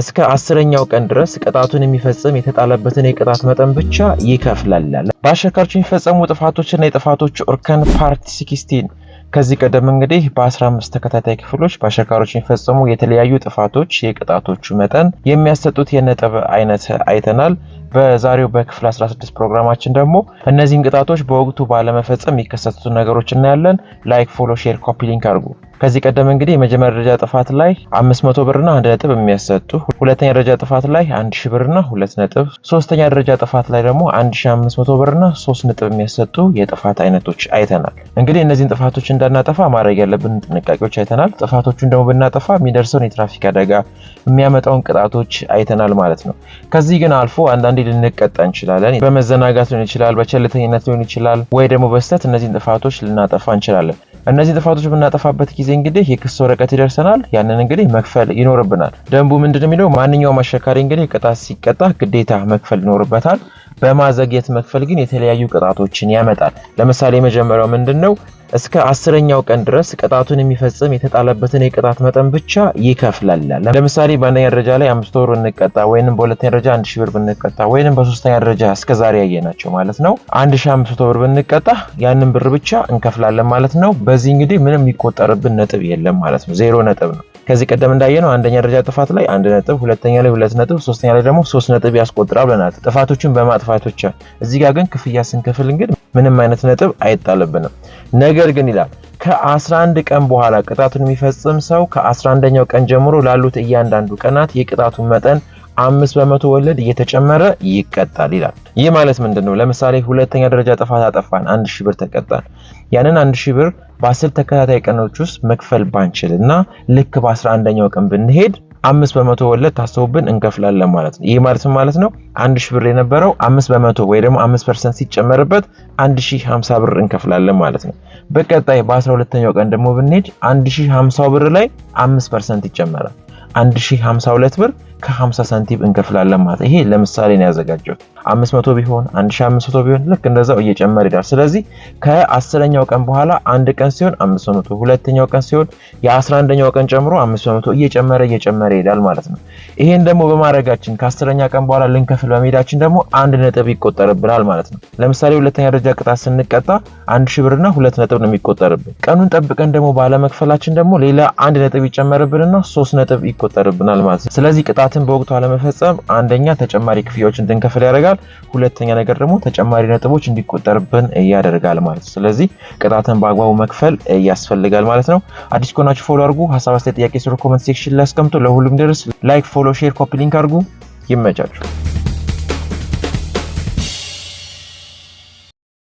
እስከ አስረኛው ቀን ድረስ ቅጣቱን የሚፈጽም የተጣለበትን የቅጣት መጠን ብቻ ይከፍላል። በአሽከርካሪዎች የሚፈጸሙ ጥፋቶችና የጥፋቶች እርከን ፓርት 16 ከዚህ ቀደም እንግዲህ በ15 ተከታታይ ክፍሎች በአሽከርካሪዎች የሚፈጸሙ የተለያዩ ጥፋቶች የቅጣቶቹ መጠን የሚያሰጡት የነጥብ አይነት አይተናል። በዛሬው በክፍል 16 ፕሮግራማችን ደግሞ እነዚህን ቅጣቶች በወቅቱ ባለመፈጸም የሚከሰቱትን ነገሮች እናያለን። ላይክ፣ ፎሎ፣ ሼር፣ ኮፒ ሊንክ አድርጉ። ከዚህ ቀደም እንግዲህ የመጀመሪያ ደረጃ ጥፋት ላይ 500 ብርና አንድ ነጥብ የሚያሰጡ፣ ሁለተኛ ደረጃ ጥፋት ላይ 1000 ብርና ሁለት ነጥብ፣ ሶስተኛ ደረጃ ጥፋት ላይ ደግሞ 1500 ብርና 3 ነጥብ የሚያሰጡ የጥፋት አይነቶች አይተናል። እንግዲህ እነዚህን ጥፋቶች እንዳናጠፋ ማድረግ ያለብን ጥንቃቄዎች አይተናል። ጥፋቶቹን ደግሞ ብናጠፋ የሚደርሰውን የትራፊክ አደጋ የሚያመጣውን ቅጣቶች አይተናል ማለት ነው። ከዚህ ግን አልፎ አንዳንዴ ልንቀጣ እንችላለን። በመዘናጋት ሊሆን ይችላል፣ በቸልተኝነት ሊሆን ይችላል፣ ወይ ደግሞ በስተት እነዚህን ጥፋቶች ልናጠፋ እንችላለን። እነዚህ ጥፋቶች በምናጠፋበት ጊዜ እንግዲህ የክስ ወረቀት ይደርሰናል። ያንን እንግዲህ መክፈል ይኖርብናል። ደንቡ ምንድን የሚለው ማንኛውም አሽከርካሪ እንግዲህ ቅጣት ሲቀጣ ግዴታ መክፈል ይኖርበታል። በማዘግየት መክፈል ግን የተለያዩ ቅጣቶችን ያመጣል። ለምሳሌ የመጀመሪያው ምንድን ነው? እስከ አስረኛው ቀን ድረስ ቅጣቱን የሚፈጽም የተጣለበትን የቅጣት መጠን ብቻ ይከፍላል። ለምሳሌ በአንደኛ ደረጃ ላይ አምስት ወር ብንቀጣ ወይንም በሁለተኛ ደረጃ አንድ ሺ ብር ብንቀጣ ወይንም በሶስተኛ ደረጃ እስከ ያየ ናቸው ማለት ነው አንድ አምስት ብር ብንቀጣ ያንን ብር ብቻ እንከፍላለን ማለት ነው። በዚህ እንግዲህ ምንም የሚቆጠርብን ነጥብ የለም ማለት ነው። ዜሮ ነጥብ ነው። ከዚህ ቀደም እንዳየነው አንደኛ ደረጃ ጥፋት ላይ አንድ ነጥብ፣ ሁለተኛ ላይ ሁለት ነጥብ፣ ሶስተኛ ላይ ደግሞ ሶስት ነጥብ ያስቆጥራ ብለናል። ጥፋቶችን በማጥፋት ብቻ። እዚህ ጋር ግን ክፍያ ስንከፍል እንግዲህ ምንም አይነት ነጥብ አይጣልብንም ነገ ነገር ግን ይላል ከ11 ቀን በኋላ ቅጣቱን የሚፈጽም ሰው ከ11ኛው ቀን ጀምሮ ላሉት እያንዳንዱ ቀናት የቅጣቱን መጠን አምስት በመቶ ወለድ እየተጨመረ ይቀጣል ይላል። ይህ ማለት ምንድን ነው? ለምሳሌ ሁለተኛ ደረጃ ጥፋት አጠፋን፣ አንድ ሺህ ብር ተቀጣን። ያንን አንድ ሺህ ብር በአስር ተከታታይ ቀኖች ውስጥ መክፈል ባንችል እና ልክ በአስራ አንደኛው ቀን ብንሄድ አምስት በመቶ ወለድ ታስቦብን እንከፍላለን ማለት ነው። ይህ ማለት ማለት ነው አንድ ሺህ ብር የነበረው አምስት በመቶ ወይ ደግሞ አምስት ፐርሰንት ሲጨመርበት አንድ ሺህ ሀምሳ ብር እንከፍላለን ማለት ነው። በቀጣይ በአስራ ሁለተኛው ቀን ደግሞ ብንሄድ አንድ ሺህ ሀምሳው ብር ላይ አምስት ፐርሰንት ይጨመራል። አንድ ሺህ ሀምሳ ሁለት ብር ከ50 ሳንቲም እንከፍላለን ማለት ነው። ይሄ ለምሳሌ ነው ያዘጋጀሁት። 500 ቢሆን 1500 ቢሆን ልክ እንደዛው እየጨመረ ይሄዳል። ስለዚህ ከአስረኛው ቀን በኋላ አንድ ቀን ሲሆን 500፣ ሁለተኛው ቀን ሲሆን የ11ኛው ቀን ጨምሮ 500 እየጨመረ እየጨመረ ይሄዳል ማለት ነው። ይሄን ደግሞ በማድረጋችን ከአስረኛ ቀን በኋላ ልንከፍል በመሄዳችን ደግሞ አንድ ነጥብ ይቆጠርብናል ማለት ነው። ለምሳሌ ሁለተኛ ደረጃ ቅጣት ስንቀጣ አንድ ሺህ ብርና ሁለት ነጥብ ነው የሚቆጠርብን። ቀኑን ጠብቀን ደግሞ ባለመክፈላችን ደግሞ ሌላ አንድ ነጥብ ይጨመርብንና ሶስት ነጥብ ይቆጠርብናል ማለት ነው። ስለዚህ ቅጣት ቅጣትን በወቅቱ አለመፈጸም አንደኛ ተጨማሪ ክፍያዎች እንድንከፍል ያደርጋል። ሁለተኛ ነገር ደግሞ ተጨማሪ ነጥቦች እንዲቆጠርብን ያደርጋል ማለት ነው። ስለዚህ ቅጣትን በአግባቡ መክፈል ያስፈልጋል ማለት ነው። አዲስ ከሆናችሁ ፎሎ አድርጉ። ሀሳብ አስተያየት፣ ጥያቄ ስሩ ኮመንት ሴክሽን ላይ አስቀምጡ። ለሁሉም ድረስ ላይክ፣ ፎሎ፣ ሼር፣ ኮፒ ሊንክ አድርጉ። ይመቻችሁ።